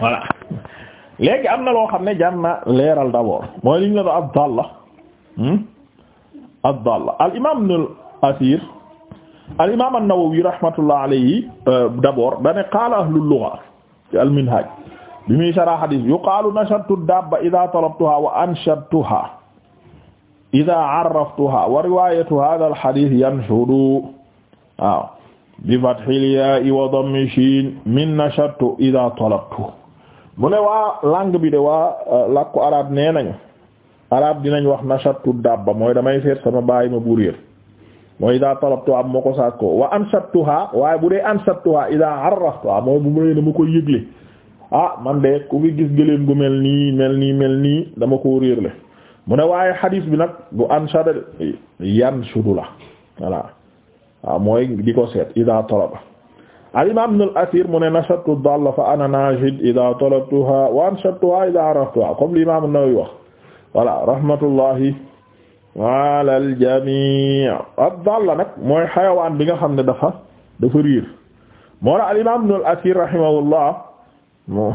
voilà léegi am na loo xam ne jar na leeral d'abord mooy li ñu la doon ab dàll hmm? ab dàll al imaam Ibnul Asiir al imaam an-Nawawi rahmatullah alayhi euh, d'abord da ne qaala ahlul lugha ci al minhaj bi muy sarah hadith yuqaalu nashattu dabba idha talabtuha wa anshattuha idha arraftuha wa riwayatu hadha al hadith yanshudu waaw bi fathil yaa'i wa dammi shiin min nashattu idha talabtu mu ne waa langue bi de waa euh, làkku arab nee nañu arab dinañ wax nashattu dabba mooy damay seet sama bàyyi ma bu yër mooy ida talabtu am moo ko saat ko wa anshattuha waaye bu dee anshattuha ida arraftuha ah, mooy bu mu ne dama koy yëgle ah man de ku fi gis gëléem gu mel nii mel nii mel nii dama ko réerle mu ne waaye xadiis bi nag bu anshada yan sudu la voilà waaw ah, mooy di ko seet ida talaba al imam ibn al asir mu ne nashattu dalla fa ana najid idha talabtuha wa anshattuha idha araftuha comme l'imam an-Nawawi wax voilà rahmatullahi ala al jami' ad dalla nag mooy xayawaan bi nga xam ne dafa dafa riir moo al imam ibn al asir rahimahullah moo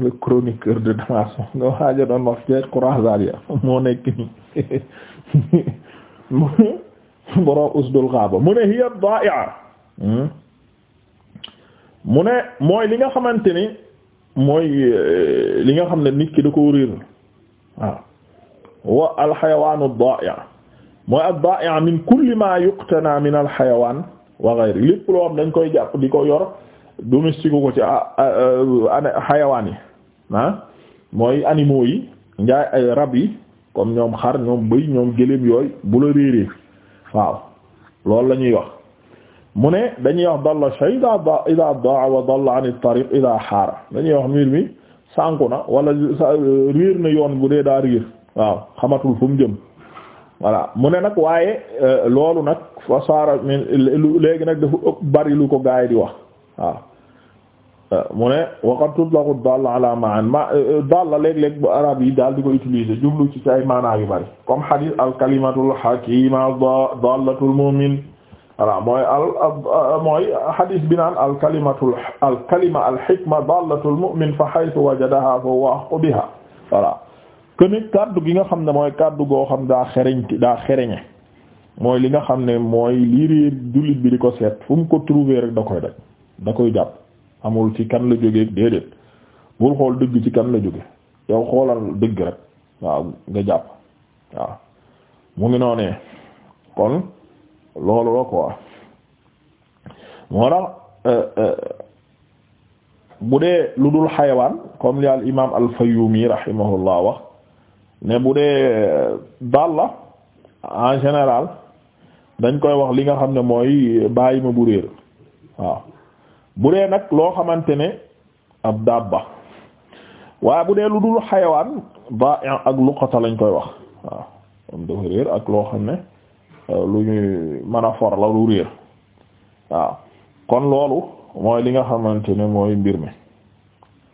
le chroniqueur de Damas nga waaja doon wax ci Khurazalia moo nekk ni borom Usdul Ghaba mu ne hiya ad-da'i'a hmm? mu ne mooy li nga xamante ni mooy euh, li nga xam ne nit ki da ko réer waaw wa alxayawaanu ad-daa'i mooy ad-daa'i min kulli ma yuqtana min alxayawaan wa ghayri lépp loo am dañ koy jàpp di ko yor domestique ko ci xayawaan ah, ah, euh, yi ah. mooy animaux yi njaay rab yi comme ñoom xar ñoom bëy ñoom gëléem yooyu bu la réeree waaw loolu la wax mu ne dañuy wax dalla shay ida da ida dalla an tariq ida xaara dañuy wax mbir mi sànku na wala riir na yoon bu dee daa riir waaw xamatul fu mu jëm voilà mu ne nag waaye euh, loolu nag fa saara min léegi nag dafa ëpp bari lu ko gaay di wax waaw euh, mu ne waqad tutlaqu ma'an euh, dalla léeg-léeg bu arab yi daal di ko utiliser jublu ci say maanaa yu bari comme hadith al kalimatul dallatul mu'min voilà mooy al mooy hadis bi naan al kalimatu al kalima al hikma dallatul mu'min fa haythu wajadaha fa huwa ahqqu biha voilà que ni kaddu gi nga xam ne mooy kàddu goo xam daa xereñ daa xereñe mooy li nga xam ne mooy lii réer jullit bi di ko seet fu mu ko trouver rek da koy daj da koy jàpp amul ci kan la jógee déedéet bul xool dëgg ci kan la jóge yow xoolal dëgg rek waaw nga jàpp waaw mu ngi noonee kon. loolu la quoi moo tax euh, euh, bu dee lu dul xayawaan comme li al imaam al Fayyumi rahimahullah wax ne bu dee euh, daal la en général dañ koy wax li nga xam ne mooy bàyyi ma bu réer waaw bu dee nag loo xamante ne ab dabba waaye bu dee lu dul xayawaan ba ak luqata lañ koy wax waaw ak loo xam ne lu ñuy mën a for la lu réer waaw kon loolu mooy li nga xamante ne mooy mbir mi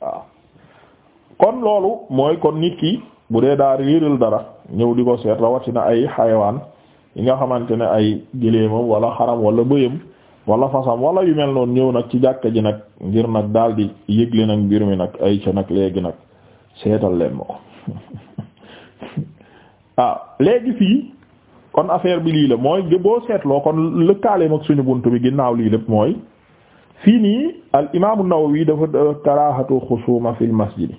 waaw kon loolu mooy kon nit ki bu dee daal réeral dara ñëw di ko seet rawatina ay xayawaan yi nga xamante ne ay gëléemam wala xaram wala bëyam wala fasam wala yu mel noonu ñëw nag ci jàkka ji nag ngir nag daal di yëgle nag mbir mi nag ay ca nag léegi nag seetal leen ma ko ah léegi fii kon affaire bi lii la mooy boo seetloo kon lëkkaaleem ak suñu bunt bi ginnaaw lii la mooy fii nii al imaamu Nawawi dafa karaahatu xusuuma fil masjid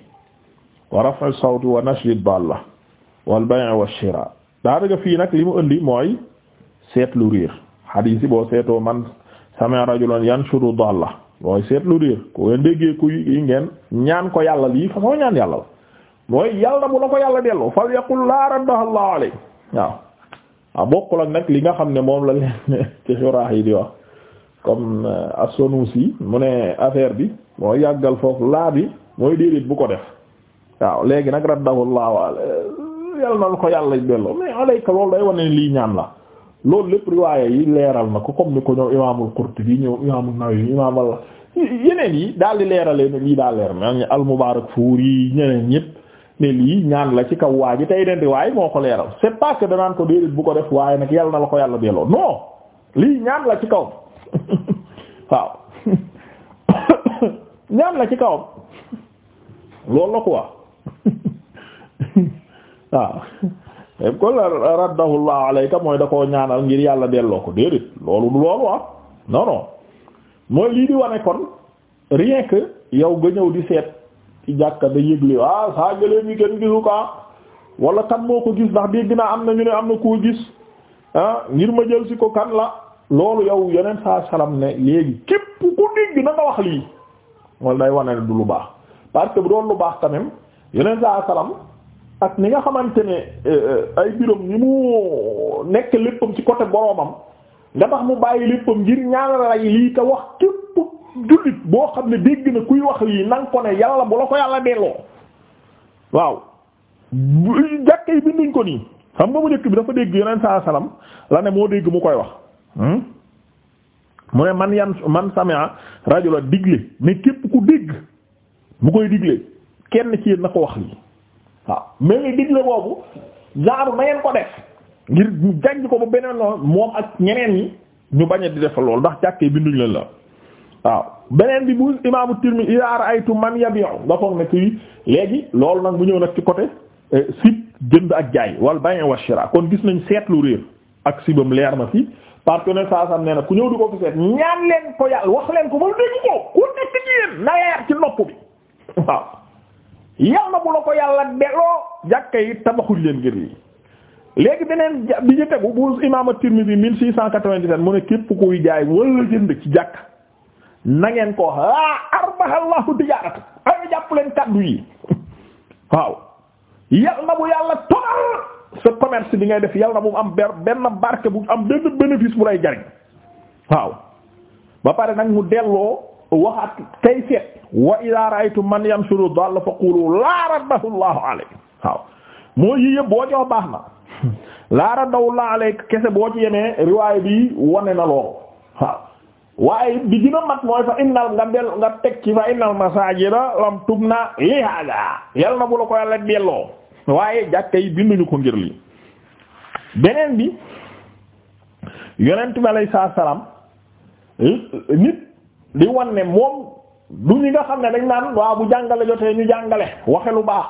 wa raf'u sawti wa nashri dalla wal bay' seetlu riir xadiis yi boo seetoo man sami'a rajulan yanshuru dalla mooy seetlu riir ku ngeen yi ngeen ñaan ko yàlla lii fa soo ñaan yàlla la mooy yàlla bu la ko yàlla delloo fal yaqul laa raddaha Allahu alayhi waaw waa bokkul ak nag li nga xam ne moom la leen ci suraax yi di wax comme euh, as-Sunusi mu ne affaire bi moo yàggal foofu laa bi mooy déedéet bu ko def waaw léegi nag raddahullaahu yal na ko yàlla delloo mais alayka loolu day wane lii ñaan la loolu lépp riwaaye yi leeral na ko comme ni ko ñoom imaamul Qurtubi ñoom imaamul Nawawi imaam yeneen yi daal di leeralee ne lii daa leer mel ni al ñeneen ñépp ne lii ñaan la ci kaw waa ji tey den riwaay moo ko leeral c'est ko déedéet bu ko def waaye nag yàlla na la ko yàlla delloo non lii ñaan la ci kawam waaw ñaan la ci kawam loolu la quoi waaw mooy da koo ñaanal ngir yàlla delloo ko déedéet loolu du loolu ah non mooy lii di wane kon rien que yow nga ñëw di seet jàkka da yëgle ah saa gëléem yi kenn gisu ko ah. wala kan moo ko gis ndax dégg naa am na ñu ne am na koo gis ah ngir ma jël si ko kan la loolu yow yeneen saa salam ne léegi képp ku dégg na nga wax lii wala day wane ne du lu baax parce que bu doon lu baax quand même yeneen saa salam ak ni nga xamante ne eh, eh, ay biram ni mu nekk léppam ci côté boromam nga tax mu bàyyi léppam ngir ñaanal lay lii ka wax képp jullit boo xam ne dégg na kuy wax lii nang ko ne yàlla bu la ko yàlla delloo waaw jàkke yi binduñ ko nii xam nga mu njëkk bi dafa dégg yeneen saa salaam la ne moo dégg mu koy wax hmm? mu ne man yan man rajo rajula digle ne képp ku dégg mu koy digle kenn ci yéen na ko wax lii waaw mel digle boobu genre na ngeen ko def ngir jàng ko ba beneen lool moom ak ñeneen yi ñu bañ di def lool ndax jàkkee binduñ leen la waaw beneen bi bu imaamu Tirmidhi idaa aytu man yabi'u nga foog na kii léegi loolu nag mu ñëw nag ci côté eh, sib jënd ak jaay wal bay' wa kon gis nañ seetlu réer ak sibam leer na fi parce que ne saa sam nee na ku ñëw di ko fi seet ñaan leen ko yàlla wax leen ko ba dégg ko ku nekk ci yéen na leer ci nopp bi waaw yal na bu la ko yàlla delloo jàkka yi tabaxuñ leen ngir yi léegi beneen bi ñu tegu bu imaamu Tirmidhi 1697 mu ne képp kuy ci jàkka na ngeen ko ah arbahallahu tijaarata ay jàpp leen kaddu yi waaw yal na bu yàlla togal sa commerce bi ngay def yal na bu am ber benn barke bu am benn bénéfice bu lay jariñ waaw ba pare nag mu delloo waxaat kay seet wa idaa ra'aytum man yamshuru dall fa qulu laa raddahu llahu alayk moo yi yëpp boo jox baax na laa raddahu llahu alayk kese boo ci yemee riwaay bi wane na loolu waaw waaye bi gën mat mooy fa innal nga del nga teg ci fa innal masajida lam tubna li hada yal na bu la ko yàlla delloo waaye jàkka yi binduñu ko ngir lii beneen bi yonent bi alayhi salaam nit di wan ne moom du ñi nga xam ne dañ naan waaw bu jàngale jotee ñu jàngale waxe lu baax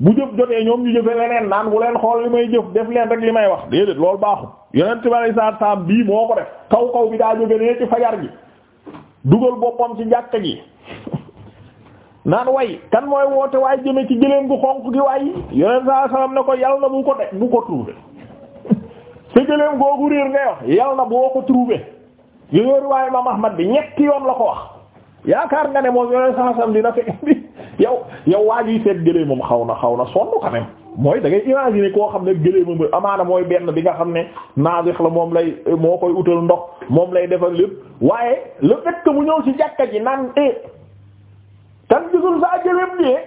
bu jëf jotee ñoom ñu jëfe leneen naan bu leen xool li may jëf def leen rek li may wax déedéet loolu baaxul yeneen ci bari saa saam bii moo ko def kaw kaw bi daa jóge nee ci fajar gi dugal boppam ci jàkka gi naan way kan mooy woote waaye jëme ci jëleen gu xonq gi waay yeneen saa salaam ne ko yal na bu ko de bu ko trouvé sa jëleen googu réer ngay wax yal na boo ko trouvé yooyu waaye Imam Ahmad bi ñetti yoon la ko wax yaakaar nga ne moom yeneen saa salaam dina fekk yow yow waa jiy seet gëléemam xaw na xaw na sonn quand mooy da ngay imaginer koo xam ne gëléemam amaana mooy benn bi nga xam ne naasix la moom lay moo koy utal ndox moom lay defar lépp waaye le fait mu ñëw ci jàkka yi naan e kan gisul saa gëléem bi eh?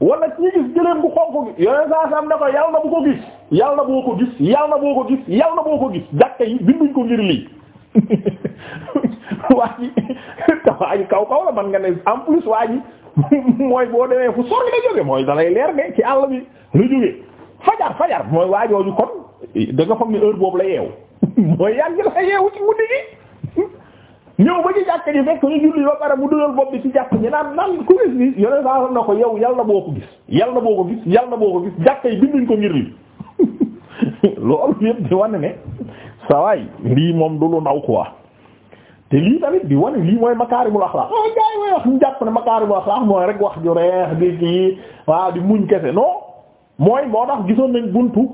wala ci gis gëléem bu xonk gi yooyu saa sam ne ko yal na bu ko gis yal na boo ko gis yal na boo ko gis yal na boo ko gis jàkka yi binduñ ko ngir lii waa ji kaw kaw la man nga ne en plus waa ji mooy boo demee fu sori la jóge mooy dalay leer ne ci àll bi la jóge fajar fajar mooy waajooju kon da nga foog ni boobu la yeewu mooy yàgg la yeewu ci guddi gi ñëw ba ci jàkk ji fekk ñu julli ba pare mu dugal bopp bi ci jàkk ji naan naan ku gis bi yoneen saa na ko na ko gis yal na boo ko gis yal na boo ko gis jàkk yi binduñ ko ngir li loolu yëpp di wane ne sawaay lii moom du lu ndaw quoi te lii tamit bi wane lii mooy makaarimul axlaaq ah wax ñu jàpp ne makaarimul axlaaq mooy rek wax ju reex di muñ kese non mooy moo tax gisoon nañ buntu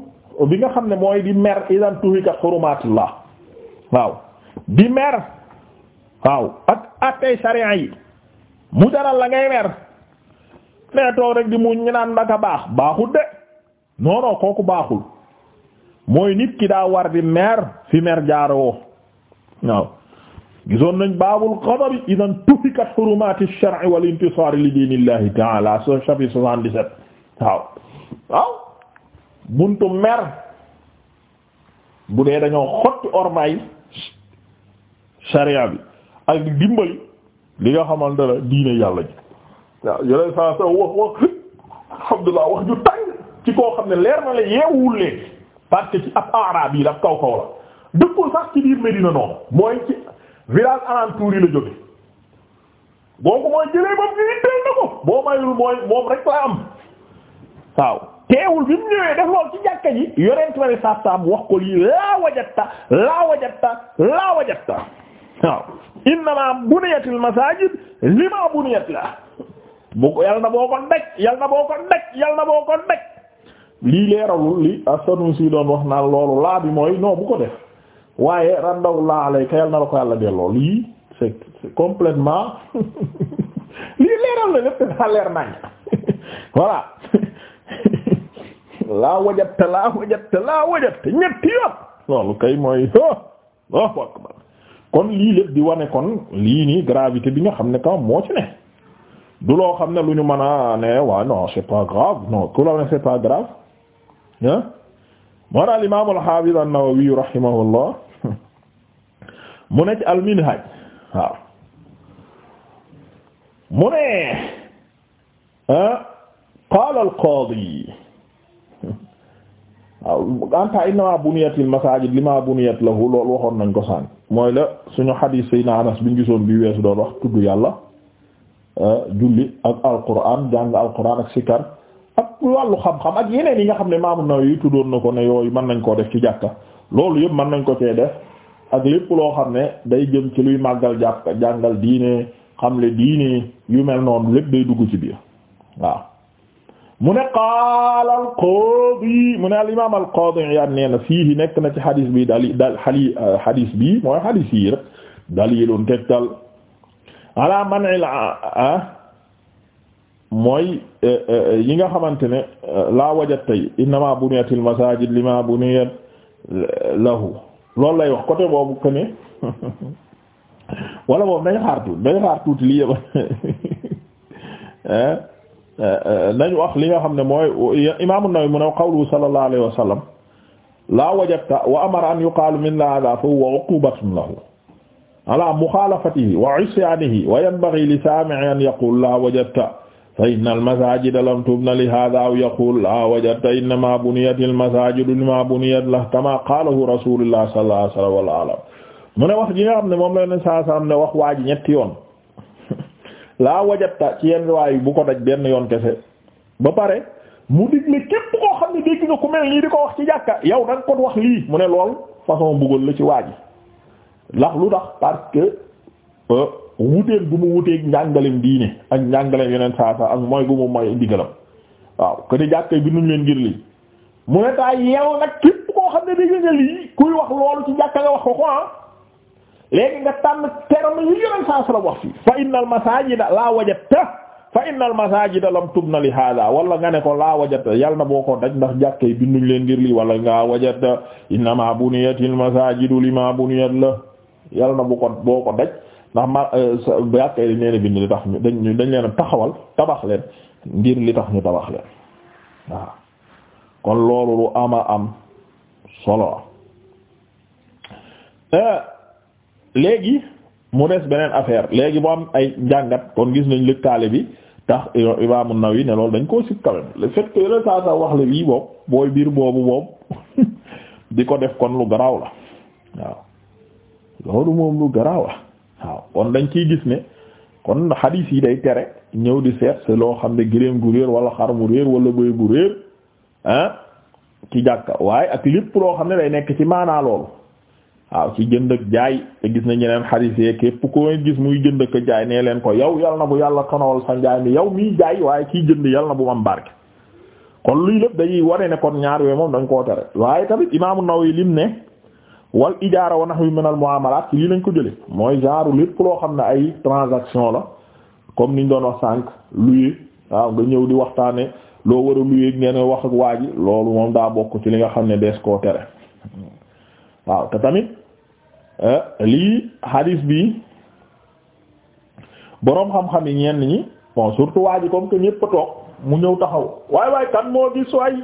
bi nga xam ne mooy di mer idan tuhika xurumaatullah waaw di mer waaw ak attey sariya yi mu jaral la ngay mer mais toog rek di muñ ñu naan a baax baaxul de non kooku baaxul mooy nit ki daa war di mer fi mer jaaroo waaw. gisoon nañ baabul xadabi idan tuhikat xurumaati shar'i wal intisaar li diinillahi ta'ala so chapitre 77 waaw waaw buntu mer bu dee dañoo xotti ormay sharia bi dimbali li nga xamante ne diine yàlla ji waaw yooyu saa saa wax wax alhamdulillah wax ju tàng ci koo xam ne leer na la yeewul léegi parce ci ab araab yi daf kaw la dëppul sax ci biir Medina noonu mooy ci village alentour yi la jóge boobu mooy jëlee moom ñu itteel na ko boo mayul mooy moom rek la am waaw teewul bi mu ñëwee def lool ci jàkka ji yorent ware saab-saab wax ko lii laa wajatta laa wajatta laa wajatta waaw innama buniyatil masajid lima buniyat la bu ko yal na boo ko daj yal na boo ko daj yal na boo ko daj lii leeralul li As-Sanusi doon wax naan loolu laa bi mooy non bu ko def waaye randawulaa alayka yal na la ko yàlla delloo lii c'est complètement lii leeral na lépp daa leer nañ voilà laa wajatta laa wajatta laa wajatta ñetti yoon loolu kay mooy oh, kon lii lépp di wane kon lii nii gravité bi nga xam ne kaw moo ci ne du loo xam ne lu ñu mën a ne waa non c'est pas grave non ku ne c'est pas grave moo daal imaam al-Haafiz an-Nawawi rahimahullah mu ne ci al-Minhaj waaw mu ne ah, qaala al-Qaadi waaw anta innamaa buniyatil masaajid limaa buniyat lahu loolu waxoon nañ ko sànq mooy la suñu xadiis Seydina Anas bi ñu gisoon bi weesu doon wax tudd yàlla ah, julli ak alquran jàng alquran ak sikar ak wàllu xam-xam ak yeneen yi nga xam ne Imaamu Nawawi tuddoon na ko ne yooyu mën nañ koo def ci jàkka loolu yëpp mën nañ ko cee def ak lépp loo xam ne day jëm ci luy màggal jàpp jàngal diine xamle diine yu mel noonu lépp day dugg ci biir waaw mu ne qaala al qaadi mu ne al imaam al qaadi Iyaad nee na fii nekk na ci xadis bi dali dal xali xadis bi mooy xadis yi rek dalilun tegtal ala man'il ah mooy eh, eh, eh, yi nga xamante ne laa wajat tey innama buniyatil masajid lima buniyat lahu loolu lay wax côté boobu que ne wala boobu nañ xaar tuuti nañ xaar tuuti lii yëpp nañ wax li nga xam ne mooy imaamu Nawawi mu ne qawlu sallallahu alayhi wa sallam laa wajadta wa amara an yuqaalu min la hada fa huwa uqubatun lahu ala muxaalafatihi wa isyaanihi wa yanbaghi li saami'i an yaqul laa wajadta fa inna almasajida lam tubna li hada aw yaqul la wajadta innama buniyat almasajidu lima buniyat la kama qaalahu rasulullah sallallahu alayhi wa sallam wala alam mu ne wax ji nga xam ne moom la ne saa saa ne wax waa ji ñetti yoon laa wajatta ci yenn riwaay bu ko daj benn yoon kese ba pare mu digle képp koo xam ne dégg nga ku mel nii di ko wax ci jàkka yow da nga ko wax lii mu ne lool façon bëggoon la ci waa ji ndax lu tax parce que euh, wuteeg gu mu wuteeg njàngalem diine ak njàngalem yeneen saa saa ak mooy gu mu mooy ndigalam waaw que ne jàkkee bi nuñ leen ngir lii mu ne taa yeew nag képp koo xam ne dégg nga lii ko ko ah. li wala nga ne ko la wajadta yal na boo ko daj ndax jàkkee bi leen ngir lii wala nga wajadta innama buniyatil masajidu lima buniyat la yal na bu ko boo ko daj ndax ma euh, yàkay dañ leen bind li tax ñu dañ dañ leen taxawal tabax leen ngir li tax ñu tabax leen waaw kon loolu lu ama am solo euh, léegi mu des beneen affaire léegi mu am ay njàngat kon gis nañ kaale bi tax Imaam naw yi ne loolu dañ koo si quand même le saa saa wax la bii boobu biir boobu boobu ko def kon lu garaaw la waaw loolu moom lu garaaw waaw kon dañ ciy gis ne kon xadiis yi day tere ñëw di seet si loo xam ne gëléem gu réer wala xar mu réer wala bëy gu réer ah ci jàkka waaye ak lépp loo xam ne day nekk ci maanaa loolu waaw ci jënd jaay te gis na ñeneen xadiis yi képp ko gis muy jënd jaay nee leen ko yow yal na bu yàlla tonawal sa njaay mi yow miy jaay waaye kiy jënd yal na bu am barke kon luy lépp dañuy wane ne kon ñaar yooyu moom dañ koo tere waaye tamit Imaamu Nawawi lim ne wal ijaara wa nahwi min al muamalat ci lii lañ ko jële mooy genre lépp loo xam ne ay transaction la comme niñ doon wax sànq luye waaw nga ñëw di waxtaane loo war a luye ngeen wax ak waa ji loolu moom daa bokk ci li nga xam ne dees koo tere waaw te tamit eh, lii hadis bi boroom xam-xam yi ñenn ñi bon surtout waa ji comme que ñépp a toog mu ñëw taxaw waay waay kan moo gis waay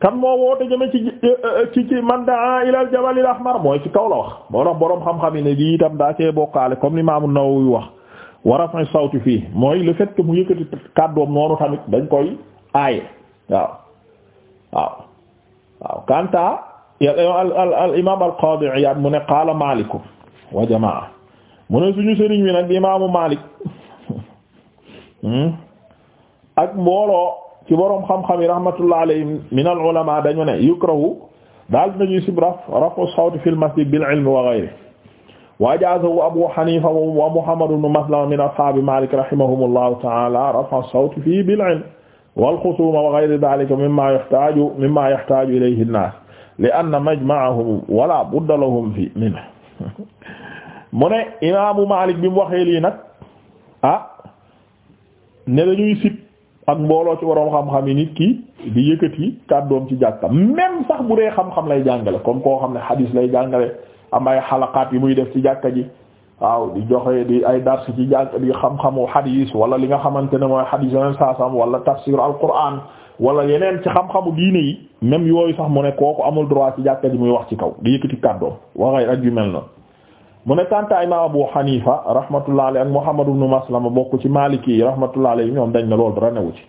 kan moo woote jëme ci euh, euh, ci ci man daa ilal jabalil mooy ci kaw la wax moo tax boroom xam-xam yi ne gi itam daa cee bokkaale comme l'imam an-Nawawi wax wa rafa sawti fii mooy le fait que mu yëkkati kàddoom noonu tamit dañ koy aaye waaw waaw waaw kanta al imam al qadi Iyad mu ne qaala Malik wa jamaa mu ne suñu sëriñ wi nag imaamu Malik hmm? ak mbooloo ci boroom xam-xam yi rahmatullah alayhim min al ulama dañu ne yukrahu daal nañuy sib raf rafu sawti fil masjid bil ilm wa ghayri wa jaazahu abu hanifa wa muhammad ibn maslama min ashaabi malik rahimahumullahu ta'ala rafa sawti fii bil ilm wal xusuma wa ghayri dhalika mimma yahtaju mimma yahtaju ilayhi an-nas li anna majma'ahum wala budda lahum fi minhu mu ne imaamu malik bi mu waxee lii nag ah ne dañuy sib ak mbooloo ci waroom xam-xam yi nit kii di yëkkati kàddoom ci jàkka même sax bu dee xam-xam lay jàngale comme koo xam ne xadiis lay jàngale am ay xalaqaat yi muy def ci jàkka ji waaw di joxe di ay dars ci jàkka di xam-xamu xadiis wala li nga xamante ne mooy xadiis yeneen saasam wala tafsir alquran wala yeneen ci xam-xamu diine yi même yooyu sax mu ne kooku amul droit ci jàkka ji muy wax ci kaw di yëkkati kàddoom waxay ak yu mel noonu mu ne kanta imam Abu Hanifa rahmatullah alayhi ak Muhammad ibn Maslama bokk ci Maliki yi rahmatullah yi ñoom dañ ne loolu dara ci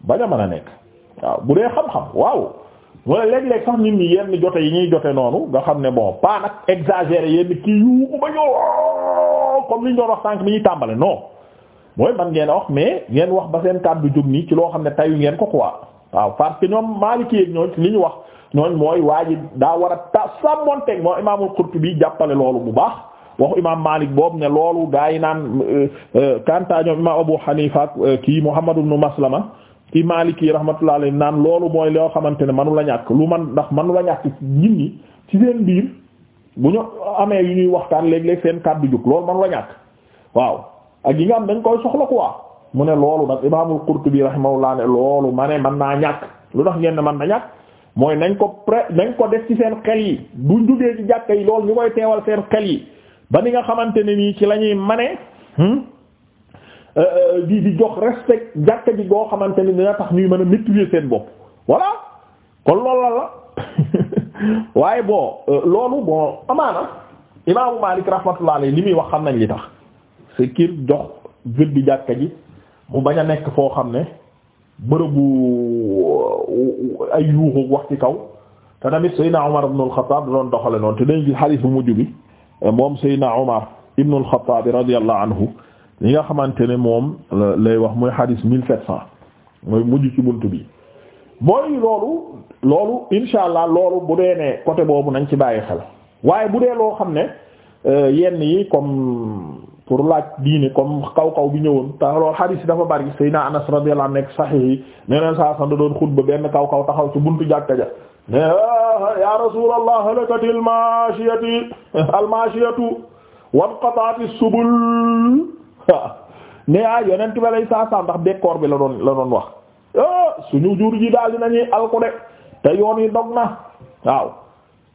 ba a mën a nekk waaw bu dee xam-xam waaw mu ne léeg-léeg sax nit ñi yenn jote yi ñuy jote noonu nga xam ne boo pas nag exagéré yenn kii yuuku ba ñoo comme li ñu wax sànq mi ñuy tàmbale noo mooy man ngeen a wax mais ngeen wax ba seen kàddu jóg nii ci loo xam ne tayu ngeen ko quoi waaw parce que ñoom Maliki yi ñoo li wax ñooñ mooy waa ji daa war a ta sàmmonteeg moo imaamul Qurtubi jàppale loolu bu baax waxu imaam Maalik boobu ne loolu gaa yi naan euh, euh, kanta ñoom imaam Abu Hanifa ak euh, kii Muhammad ibn Maslama ci Maliki rahmatullahi alayhi naan loolu mooy loo xamante ne manu la ñàkk lu man ndax manu la ñàkk nit ñi ci seen biir bu ñu amee yu ñuy waxtaan léeg-léeg seen kàddu jóg loolu manu la ñàkk waaw ak yi nga am dañ koy soxla quoi mu ne loolu nag imaamul Qurtubi rahimahullah ne loolu ma ne man naa ñàkk lu tax ngeen ne man na ñàkk mooy nañ ko pré nañ ko def ci seen xel yi buñ duggee ci jàkka yi loolu ñu koy teewal seen xel yi ba ni nga xamante ne nii ci lañuy ñuy mane hmm? euh, euh, di di jox respect jàkka ji boo xamante ni dina tax ñuy mën a maîtriser seen bopp voilà kon loolu la la waaye bon euh, loolu bon amaana imaamu Maalik rahmatullah alayhi li muy wax xam nañ li tax c'est kir jox vël bi jàkka ji mu bañ a nekk foo xam ne bu ay yuuxu wax ci kaw te tamit Seydina Umar ibn al-Khattab doon doxale noonu te dañ gis bu mujj bi moom Seydina Umar ibn al-Khattab anhu li nga xamante ne moom lay wax muy xadiis mille mooy mujj ci bunt bi mooy loolu loolu insha allah loolu bu dee ne côté boobu nañ ci bàyyi xel waaye bu dee loo xam ne euh, yenn yi comme pour laaj diine comme kaw kaw bi ñëwoon te loolu xadiis yi dafa bari Seydina Anas radiyallahu anhu nekk saxiix yi nee na saa sant doon xutba benn kaw kaw taxaw ci buntu jàkka ja ne ah, ya rasulallah halakati almashiyati almashiyatu wanqata'ati subul ne ah yonent bi lay saa sant ndax décor bi la doon la doon wax ah, suñu jur ji daal dinañuy alku de te yoon yi dog na waaw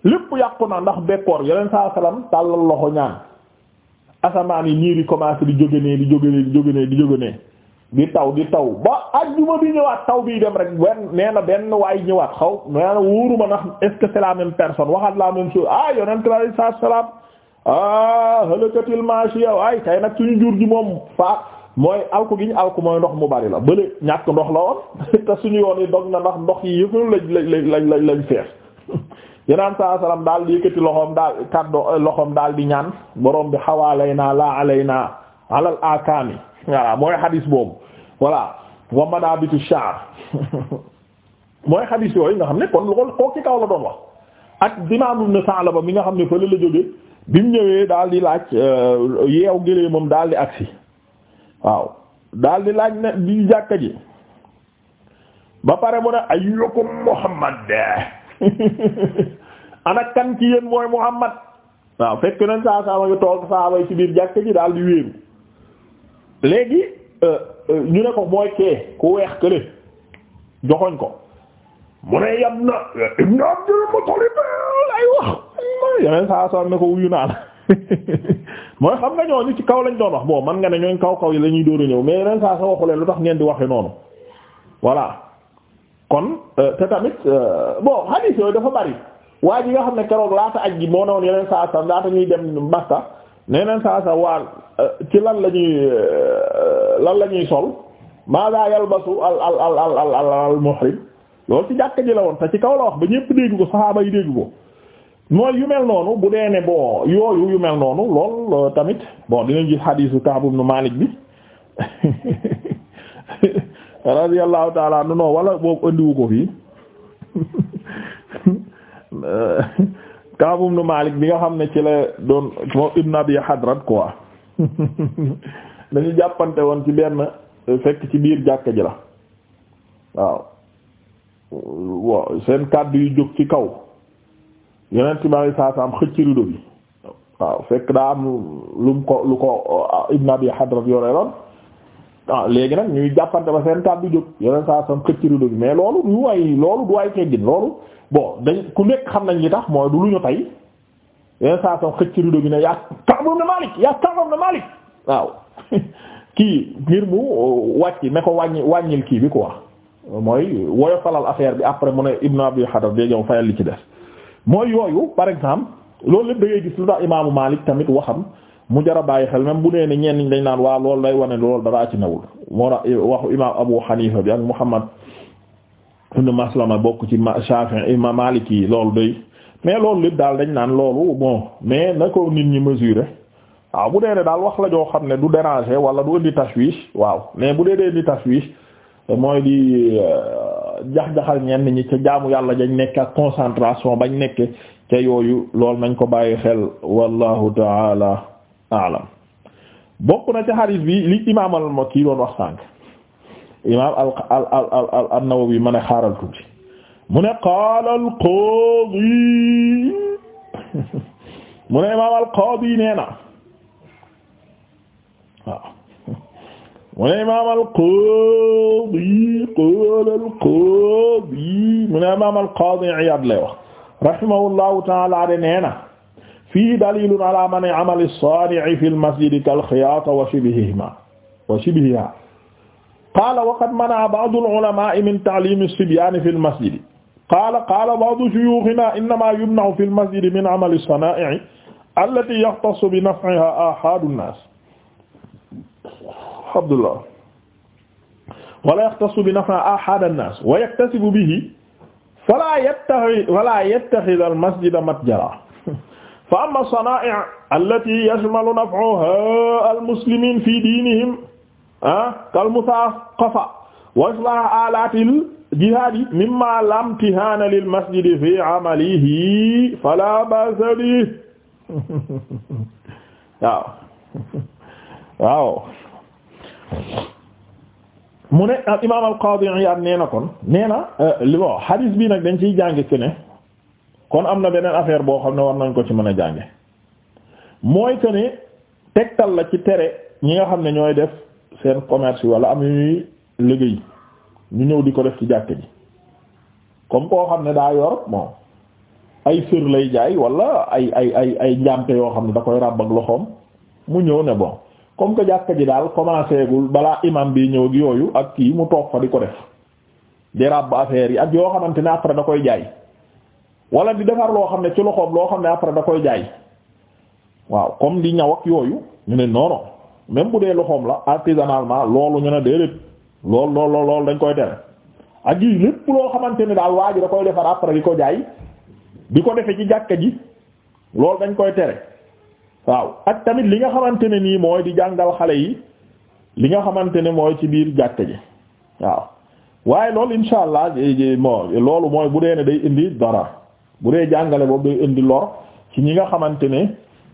lépp yàqu na ndax bekkoor yeneen saa salaam tàllal loxo ñaan asamaan yi ñiir yi commencé di jóge nee di jóge nee di jóge nee di jóge nee taw di taw ba ajjuma bi ñëwaat taw bii dem rek benn nee na benn waay ñëwaat xaw nee na wóoruma ndax est-ce même personne waxaat laa même chose ah yonent bi alayhi salaatu wa salaam ah halakatil maashiya nag suñu jur gi moom fa mooy alku gi ñu alku mooy ndox mu bari la bële ñàkk ndox la woon te suñu yoon yi dog na ndax ndox yi yëpp lañ lañ lañ lañ fees yeneen saa salaam daal di yëkkati loxoom daal kaddo eh, loxoom daal di ñaan borom bi xawaalay naa laa alay naa alal akaami voilà mooy xadis boobu voilà wa madabitu sha'r mooy xadis yooyu nga xam ne kon loolu kooku ci kaw la doon wax ak Imaam Ibn Sa'laba mi nga xam ne fële la jóge bi mu ñëwee daal di laaj eh, yeew gëlee moom daal di agsi waaw daal di laaj ne di jàkka ji ba pare mu ne ayyukum Muhammad ana kan ci yéen mooy Muhammad waaw fekk nañ saa saa ma ngi toog saabay ci biir jàkk ji daal di wéeru léegi euh, euh, ñu ne ko mooy kee ku weex kële joxoñ ko mu ne yam na ibn Abdul Muttalib ne ko wuyu naa la mooy xam nga ñooñu ci kaw lañ doon wax bon man nga ne ñooñ kaw kaw yi la ñuy dóor a ñëw mais yeneen saa sa waxulee lu tax ngeen di waxe noonu voilà kon euh, te tamit bon hadith yooyu dafa bari waa ji nga xam ne keroog laata aj gi moo newoon yeneen saa sax laata ñuy dem Makka ne yeneen saa sax waa ci lan la ñuy lan la ñuy sol maada yalbasu al al al al al muhrim loolu ci jàkka ji la woon te ci kaw la wax ba ñépp dégg ko saxaaba yi dégg ko mooy yu noonu bu dee ne bon yooyu yu noonu lool tamit bon dinañ gis xadiisu Ka'b ibn Malik bi radiyallahu ta'ala anhu wala boobu andiwu ko fii. Euh, Kaab ibn Malik bi nga xam ne ci la doon moom Ibn Abi Hadrat quoi dañu jàppante woon ci benn euh, fekk ci biir jàkka ji la waaw seen kàddu yu jóg ci kaw yeneen tibaari saa saa am xëcc rido bi waaw fekk daa am lu mu ko lu ko euh, Ibn Abi Hadrat yore loon ah léegi nag ñuy jàppante ba seen kàddu jóg yeneen saa sam këccëri dógi mais loolu du ay loolu du ay teggin loolu bon dañ ku nekk xam nañ li tax mooy du lu ñu tey yeneen saa sam xëccëri dógi ne yaa Ka'b ibn Malik yaa Ka'b ibn Malik waaw kii ngir mu uh, wàcci ne ko wàññi wàññil kii bi ko wax mooy woyofalal affaire bi après mu ne Ibn Abi Hadar day ñëw fayal li ci des mooy yooyu par exemple loolu lépp da ngay gis lu tax imaamu Malik tamit waxam mu jar bàyyi xel même bu nee ne ñenn ñi dañ naan waa loolu day wane loolu daraa ci newul moo tax waxu imaam Abu Hanifa bi ak Muhammad Maslama bokk ci Shafi'i imaam Maliki loolu day mais loolu lépp daal dañ naan loolu bon mais na ko nit ñi mesurer waaw bu dee daal wax la xam ne du déranger wala du indi tashwish waaw mais bu dee dee indi tashwish mooy di euh, jax-jaxal ñenn ñi ca jaamu yàlla dañ nekk ak concentration bañ nekke ca yooyu loolu nañ ko bàyyi xel wallahu taala a'lam bokk na ci xadis bi li imaam al ma kii doon wax sànq imaam al al al al an-Nawawi ma ne xaaral tuuti mu ne qaala al qaadi mu ne imaam al qaadi nee na waaw mu ne imaam al qaadi qaala al qaadi mu ne imaam al qaadi Iyaad lay wax rahimahullahu ta'aala de nee na fii dalilun ala mani amali saanii fi lmasjidi kalxiyaata wa shibihihima wa shibihiha qaala waqad manaa ba'du al-ulamaa'i min ta'liimi as-sibyaani fi lmasjidi qaala qaala ba'du shuyuukhinaa innamaa yumna'u fi lmasjidi min amali sanaa'i'i allatii yaxtassu bi naf'ihaa ahaadu nnaas Abdullah wala yaxtassu bi naf'ihaa ahaadu nnaas wa yaktasibu bihi falaa yattaxi falaa yattaxida al-masjida matjaraa fa amma sanaa'i' allati yashmalu naf'uha al-muslimiin fi diinihim kal musaaqafa wa islaahi aalaatil jihaadi mimmaa laa imtihaana lil masjidi fi amalihi falaa ba'sa bihi waaw waaw mu ne imaam al-qaadi Iyaad nee na kon nee na euh, li ma wax hadiis bi nag dañ ciy jàng ne kon am na beneen affaire boo xam ne war nañ ko ci mën a jànge mooy que ne tegtal la ci tere ñi nga xam ne ñooy def seen commerce wala am yu ñuy liggéey ñu ñëw di ko def ci jàkk ji comme koo xam ne daa yor bon ay sër lay jaay wala ay ay ay ay njàmpe yoo xam ne da koy ràbb ak loxoom mu ñëw ne bon comme que jàkk ji daal commencé gul balaa imam bi ñëw ak yooyu ak kii mu toog fa di ko def di ràbb affaire yi ak yoo xamante ne après da koy jaay wala di defar loo xam ne ci loxoom loo xam ne après da koy jaay waaw comme di ñaw yooyu ñu ne non non même bu dee loxoom la artisanalement loolu ñu ne déedéet lool lool lool dañ koy tere ak yi lépp loo xamante ne daal waa da koy defar après di ko jaay di ko defe ci jàkka ji loolu dañ koy tere waaw ak tamit li nga xamante ne nii mooy di jàngal xale yi li nga xamante ne mooy ci biir jàkka ji waaw waaye loolu insha allah eh, eh, loolu mooy bu dee ne day indi dara. bu dee jàngale boobu day indi lor ci ñi nga xamante ne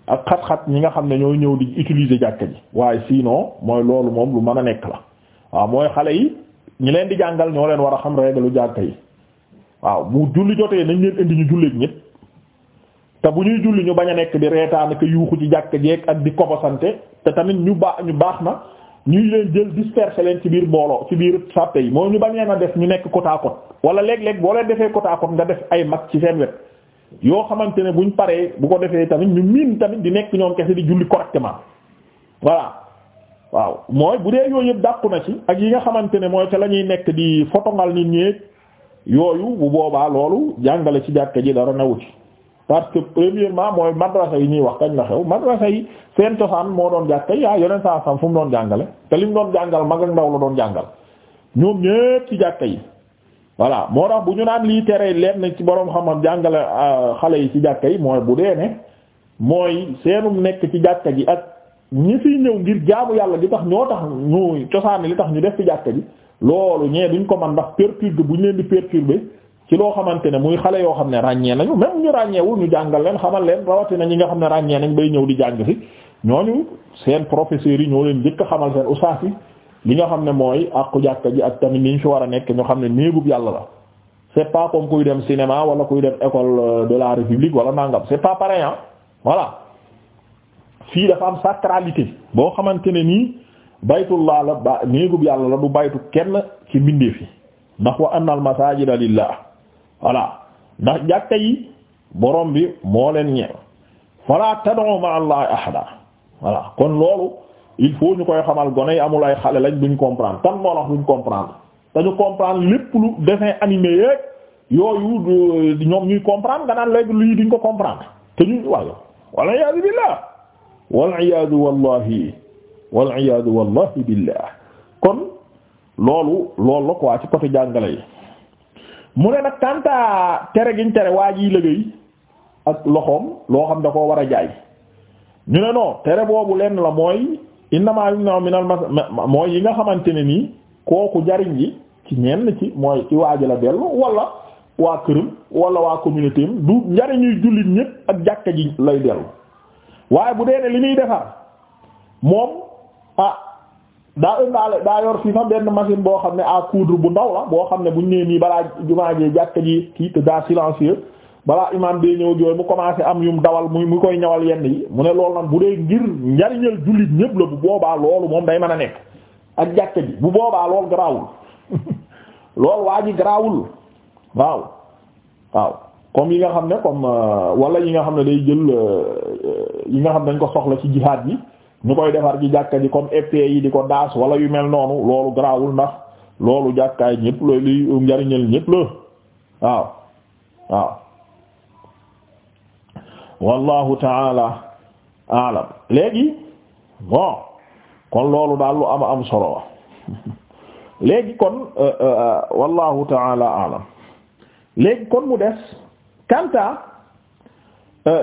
ak xat-xat ñi nga xam ne ñoo ñëw di utiliser jàkka ji waaye sinon mooy loolu moom lu mën a nekk la waaw mooy xale yi ñi leen di jàngal ñoo leen war a xam lu jàkka yi waaw bu julli jotee nañ leen indi ñu jullit ñépp te bu ñuy julli ñu bañ a nekk di reetaan ak yuuxu ci jàkka jeeg ak di kobosante te tamit ñu baax ñu baax na ñuy leen jël disperser leen ci biir mbooloo ci biir sàppe yi moo ñu bañ leen a def ñu nekk côte à côte wala léeg boo leen defee côte à côte nga def ay mag ci seen wet yoo xamante ne ñu paree bu ko defee tamit ñu miin tamit di nekk ñoom kese di julli correctement voilà waaw mooy bu dee yooyu yëpp dàqu na ci ak yi nga xamante ne mooy te la ñuy nekk di fotongal nit ñi yooyu bu boobaa loolu jàngale ci jàkka ji dara newu ci parce que premièrement mooy madrasa yi ñuy wax kañ la xew madrasa yi seen cosaan moo doon jàkka yaa yeneen saa sam fu mu doon jàngale te lim doon jàngal mag ak ndaw la doon jàngal ñoom ñépp ci jàkka yi voilà moo tax bu ñu naan lii tere leen ci boroom xam-xam jàngale euh, xale yi ci jàkka yi mooy bu dee ne mooy seenum nekk ci jàkka ji ak ñi fiy ñëw ngir jaamu yàlla di tax ñoo tax ñu cosaan li tax ñu def ci jàkka ji loolu ñee duñ ko man ndax perturbe bu leen di perturber ci loo xamante ne muy xale yoo xam ne ràññee nañu même ñu ràññeewul ñu jàngal leen xamal leen rawatina ñi nga xam ne ràññee nañ bay ñëw di jàng fi ñooñu seen professeurs yi ñoo leen njëkk a xamal seen ustaas yi li nga xam ne mooy àqu jàkka ji ak tamit ni ñu fi war a nekk ñu xam ne néegub yàlla la c'est pas comme kuy dem cinéma wala kuy dem école de la république wala nangam c'est pas pareil hein voilà fii dafa am sacralité boo xamante ne nii baytullah la ba yàlla la du baytu kenn ci mbindeef yi ndax wa anna al masajida lillah voilà ndax jàkka yi borom bi moo leen ñeew fala tad'u ma'a allahi ahada voilà kon loolu il faut ñu koy xamal gone yi amul ay xale lañ duñ comprendre kan moo wax duñ comprendre dañu comprendre lépp lu dessin animé yeeg yooyu ñoom ñuy comprendre nga naan léegi lii duñ ko comprendre te ñu waaye wal iyaadu billah wal iyaadu wallahi wal iyaadu kon loolu loolu la quoi ci côté jàngale yi mu ne nag tàntaa tere giñ tere waa jiy liggéey ak loxoom loo xam da koo war a jaay ñu ne non tere boobu lenn la mooy innamaa yumna'u minal mooy yi nga xamante ne nii kooku njariñ ji ci ñenn ci mooy ci waa ji la dellu wala waa këram wala waa communauté du njariñuy jullit ñépp ak jàkka ji lay dellu waaye bu dee ne li muy defar moom ah. daa ëndaale daa yor fii sax benn machine boo xam ne à coudre bu ndaw la boo xam ne buñ nee nii balaa jumaa jee jàkk ji kii te daa silencieux balaa imam day ñëw jooy mu commencé am yu mu dawal muy mu koy ñawal yenn yi mu ne loolu nag bu dee ngir njariñal jullit ñëpp la bu boobaa loolu moom day man a nekk ak jàkk ji bu boobaa lool garaawul loolu waa ji garaawul waaw waaw comme yi nga xam ne comme euh, wala yi nga xam ne day jël euh, euh, yi nga xam ne dañ ko soxla ci jihaad yi ñu koy defar ci jàkka ji comme ep yi di ko daas wala yu mel noonu loolu garaawul ndax loolu jàkkaay ñépp la li njariñal ñépp la waaw waaw wallahu taala léegi bon kon loolu daal lu ama am solo wa léegi kon euh, euh, euh, wallahu taala alam léegi kon mu des kanta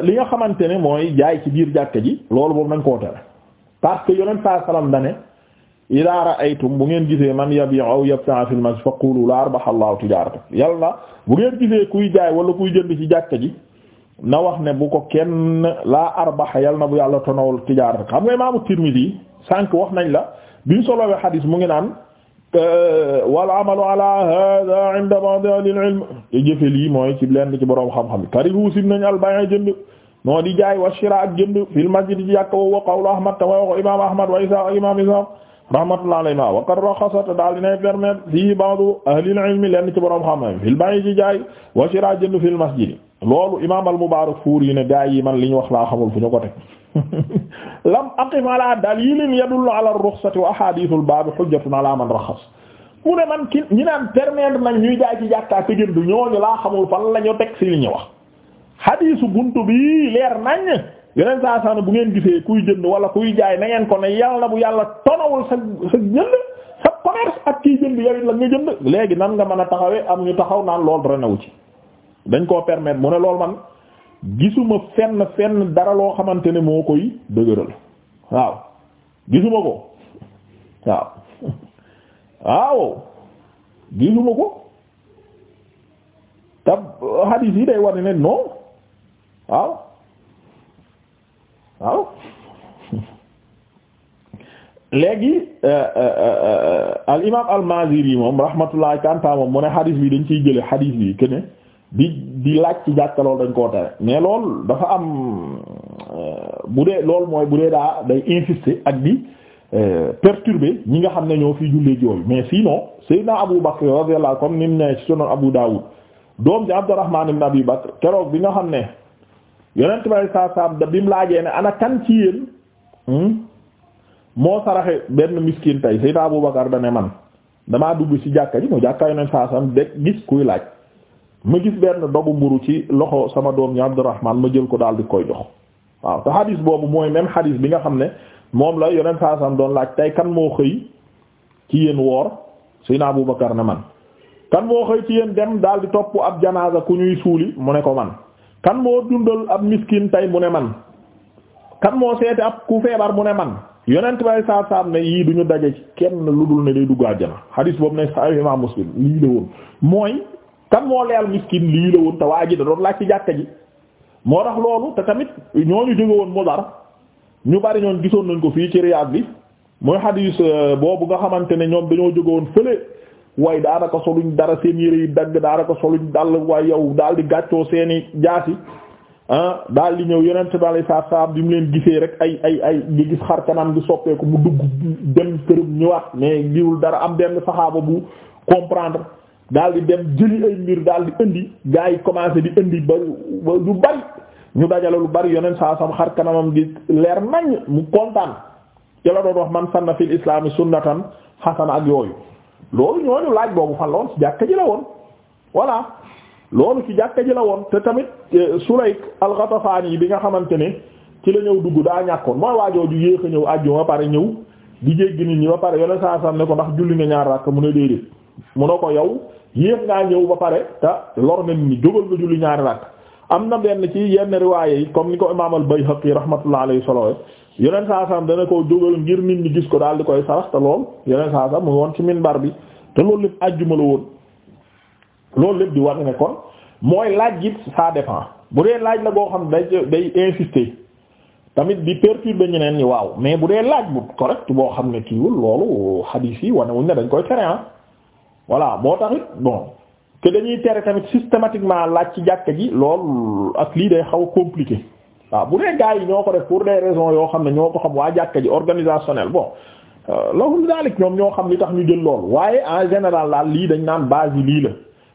li nga xamante ne mooy jaay ci biir jàkka ji loolu boobu nañ koo tere parce que yonent saa salaam dane idaa ra'aytum bu ngeen gisee man yabi'u aw yabta'a fil masjid faqulu la arbaha Allahu tijaaratahu yàlla bu ngeen gisee kuy jaay wala kuy jënd ci jàkka ji na wax ne bu ko kenn la arbaha yàlla na bu yàlla tonawul tijaaratahu xam nga imaamu Tirmidhi sànq wax nañ la biñ solowee xadiis mu ngi naan wal amalu ala hada inda ba'd ahli al-ilm jëfe lii mooy ci lenn ci boroom xam-xam karihu sim nañ al jënd moo di jaay wa shira ak jënd fil masjid ci yàkk wow wa qawlu ahmad te mooy waxu imam ahmad wa isa imam isa rahmatullah alayhima wa qad rakhasata daal dinay permettre fii ba'du ahlil ilmi lenn ci borom xam-xam fil bayi ci jaay wa shira jënd fil masjid loolu imam al mubarak fuur yi ne man li ñu wax laa xamul fu ñu ko teg lam aqim ala dalilin yadullu ala ar wa ahadithul bab hujjatun ala man rakhas mu ne man ki ñi naan permettre nag ñuy jaay ci jàkkaa te jënd ñooñu laa xamul fan la ñu teg ci li ñu wax xadiisu buntu bi leer nañ yeneen saa ne bu ngeen gisee kuy jënd wala kuy jaay nangeen ngeen ko ne yàlla bu yàlla tonawul sa sa jënd sa commerce ak kiy jënd yawit la nga jënd léegi nan nga mën a taxawee am ñu taxaw naan lool dara ci dañ koo permettre mu ne lool man gisuma fenn fenn dara loo xamante ne moo koy dëgëral waaw gisuma ko waaw waaw gisuma ko tab hadis yi day war ne non waaw waaw léegi euh, euh, euh, al imaam al Maaziri moom rahmatullahi kanta moom mu ne xadiis bi dañ ciy jële xadiis bi que ne di di laaj ci jàkka loolu dañ koo tere mais lool dafa am bu dee loolu mooy bu dee daa day insister ak di perturber ñi nga xam ne ñoo fi jullee jooyu mais sinon Seydina Abu Bakr radiyallahu comme ni mu ne ci Sunan Abu Dawud doom ji Abdurrahman ibn Abi Bakr keroog bi nga xam ne yonent bi saa da bi laajee ne ana kan ci yéen hmm, moo saraxe benn miskin tey Seydina Abubakar da ne man damaa dugg ci jàkka ji mu jàkka yonent saa saam de gis kuy laaj mu gis benn dogu mburu ci loxo sama doom ñi Abdurrahman ma jël ko daal di koy jox waaw te xadis boobu mooy même xadis bi nga xam ne moom la yonent saa doon laaj tey kan moo xëy ci yéen woor Seydina Abubakar ne man kan moo xëy ci yéen dem daal di topp ab janaasa ku ñuy suuli mu ne ko man kan moo dundal ab miskin tey mu ne man kan moo seete ab ku feebar mu ne man yonent bay saab saab ne yii du ñu daje ci kenn lu dul ne day dugg àjjana xadiis boobu ne sa ma muslim lii la woon mooy kan moo leyal miskin lii la woon te waa ji da doon laaj ci jàkka ji moo tax loolu te tamit ñooñu jóge woon Mudar ñu bari ñoo gisoon nañ ko fii ci Riyad bi mooy xadiis euh, boobu nga xamante ne ñoom dañoo jóge woon fële way daanaka soluñ dara seen yére yi dagg daanaka soluñ dal waaye yow daal di gàccoo seeni jaasi ah daal di ñëw yonent bi alayhi salaatu salaam bi mu leen gisee rek ay ay ay ngi gis xar kanam gi soppeeku mu dugg dem këram ñëwaat dara am benn saxaaba bu comprendre daal di dem jëli mbir daal di indi gaa yi di indi ba lu bari ñu dajale lu bari yonent saa xar kanamam gi leer nañ mu kontaan ci la doon wax man sanna fil islaami sunnatan hasana ak yooyu loolu ñooñu laaj boobu fan la woon jàkka ji la woon voilà loolu ci jàkka ji la woon te tamit euh, Sulayk al-Ghatafani yi bi nga xamante ne ci la ñëw dugg daa ñàkkoon mooy waajoo ju yéex a ñëw àjjuma ba pare ñëw di jéggi nit ñi ba pare yone saa sam ne ko ndax julli nga ñaar rakk mu ne déedéet mu ne ko yow yéex ngaa ñëw ba pare te lor na nit ñi jógal nga julli ñaari rakk am na benn ci yenn riwaaye yi comme ni ko bay imaam al-Bayhaqi rahmatullahi alayhi yoneen saa saam dana ko jógal ngir nit ñi gis ko daal di koy sarax te lool yeneen saa saam mu woon ci minbar bi te loolu lépp àjjuma la woon loolu lépp di war ne kon mooy laaj it ça dépend bu dee laaj la boo xam day day insister tamit di ba ñeneen ñi waaw mais bu dee laaj bu correct boo xam ne kiiwul loolu hadith yi wane wuñ ne dañ koy tere ah voilà moo tax it bon que dañuy tere tamit systématiquement laaj ci jàkka ji lool ak lii day xaw a waaw bu dee gars yi ñoo ko def pour des raisons yoo xam ne ñoo ko xam waa jàkka ji organisationnel bon euh, loolu daalik ñoom ñoo xam li tax ñu jël lool waaye en général daal lii dañ naan base yi lii la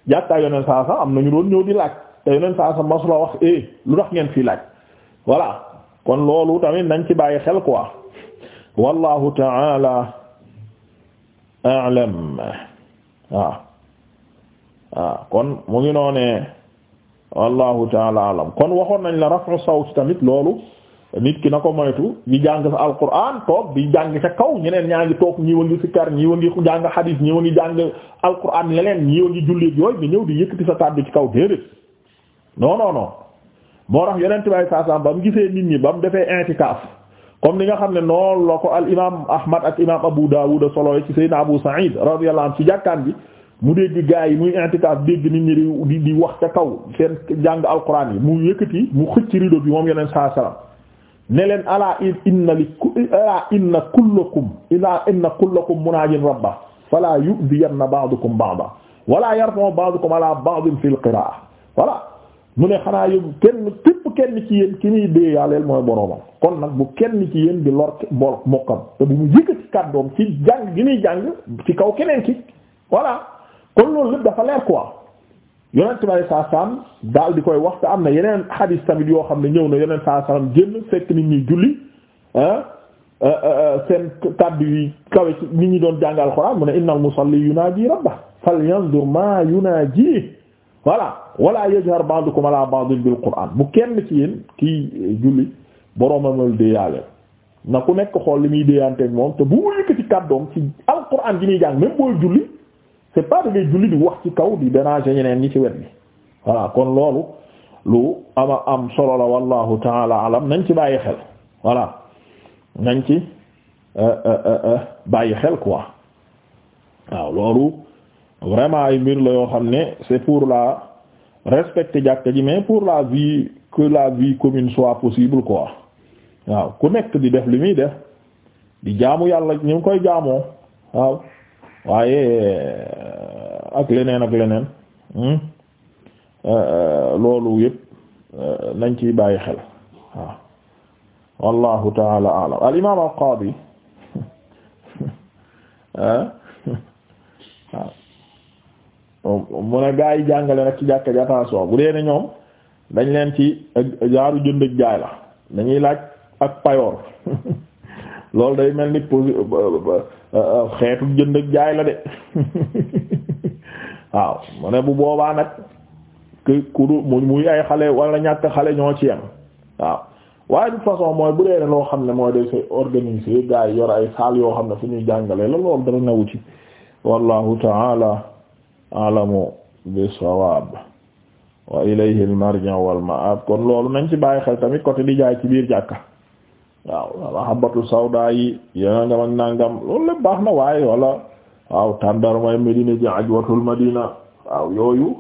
jàkkaay yoneen saa sax am na ñu doon ñëw di laaj te yoneen saa sax masula wax eh, lu tax ngeen fii laaj voilà kon loolu tamit nañ ci bàyyi xel quoi wallahu ta'ala a'lam waaw waaw kon mu ngi noonee wallahu taala alam kon waxoon nañ la rafu sawt tamit loolu nit ki na ko moytu ñi jàng sa alquran toog bi jàng ca kaw ñeneen ñaa ngi toog ñii wa ngi sikkar ñii wa ngi jàng xadiis ñii wa ngi jàng alquran leneen ñii wa ngi jullit yooyu bi ñëw di yëkkati sa kàddu ci kaw déedéet non non non moo tax yeneen tubaab saa saa ba mu gisee nit ñi ba mu defee intikaaf comme li nga xam ne noonu la ko al imaam Ahmad ak imaam Abu Dawud solo ci Seydina Abu Sa'id radiyallahu ci jàkkaan bi. mu dégg gaa yi muy intikaaf dégg nit ñi di di wax ca kaw seen jàng alquran yi mu yëkkati mu xëcc rido bi moom yeneen saa salaam ne leen alaa inna li alaa inna kullakum alaa inna kullakum munaajin rabba falaa yu'diyanna ba'dukum ba'da walaa yarfa'u ba'dukum alaa ba'din fil qira'a voilà mu ne xanaa yëgu kenn képp kenn ci yéen ki muy dee yàlleel mooy boroomam kon nag bu kenn ci yéen di lor mboq mokkam te bu mu yëkkati kàddoom ci jàng gi muy jàng ci kaw keneen ki kon loolu lépp dafa leer quoi yonent bi alayhi salaam daal di koy wax am na yeneen xadiis tamit yoo xam ne ñëw na yonent saa salaam génn fekk nit ñi julli ah, ah, ah, seen kàddu yi kawe ci nit ñi doon jàngal alxuraan mu a innal musalli yunaaji rabbahu falyanzur maa yunaaji voilà wala yajhar ba'dukum ala ba'din bil qur'aan bu kenn ci yéen kii julli boroomamal déeyaaleen na ku nekk xool li muy déeyanteeg moom te bu mu yëkkati kàddoom ci alxuraan gi muy jàng même julli c'est pas da ngay julli di wax ci kaw di déranger ñeneen ñi ci wet bi voilà kon loolu lu ama am solo la wallahu taala alam nañ ci bàyyi xel voilà nañ ci euh, euh, euh, bàyyi xel quoi waaw loolu vraiment ay mbir la yoo xam ne c'est pour la respecter jàkka ji mais pour la vie que la vie commune soit possible quoi waaw ku nekk di def li muy def di jaamu yàlla ñu ngi koy jaamoo waaw waaye eh, ak leneen ak leneen hmm? eh, eh, loolu yëpp nañ ciy bàyyi xel waaw wallahu taala alam al imam al qaadi mu ne gaa yi jàngale nag ci jàkka ji attention bu dee ne ñoom dañ leen ci jaaru jënd ak jaay la dañuy laaj ak payoor loolu day mel ni Euh, euh, xeetu jënd ak jaay la de waaw mu ne bu boobaa nag ku mu muy ay xale wala ñàkk xale ñoo ci yem waaw waaye de façon mooy bu dee ne loo xam ne mooy day se organiser gars yor ay saal yoo xam ne fu ñuy jàngalee la loolu dara newu ci wallahu ta'ala a'lamu bis-sawab wa ilayhi al-marja wal ma'ab kon loolu nañ ci bàyyi xel tamit côté di jaay ci biir jàkka waaw wala habatu sawda yi yangam ak nangam loolu lépp baax na waaye wala waaw tàndarmay Medina ji ajwatul Madina waaw yooyu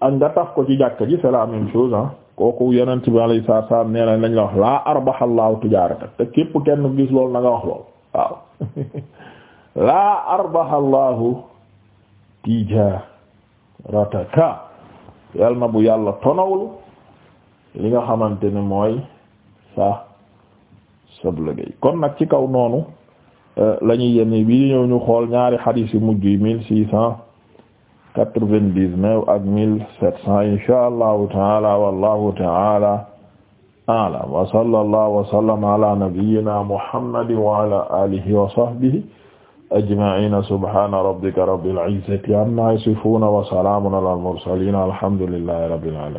ak nga taf ko ci jàkka ji c'est la même ah. kooku yenent bi alayhi salaam nee la wax laa arbahallahu tijaarata te képp kenn gis loolu na nga wax lool waaw laa arbahallahu tijarataka yal na bu yàlla tonawul li nga xamante ne mooy sa sab liggéey kon nag ci kaw noonu euh, la ñuy yenni bi ñëw ñu xool ñaari xadiis yu mujj yi mille six cent quatre-vingt-dix-neuf ak mille sept cent insha allahu taala wallahu taala a'lam wa sallallahu wa sallama ala nabiyyina muhammadin wa ala alihi wa sahbihi ajma'ina subhana rabbika rabbil izzati amma yasifuna wa salamun ala al mursalin alhamdulillahi rabbil alamin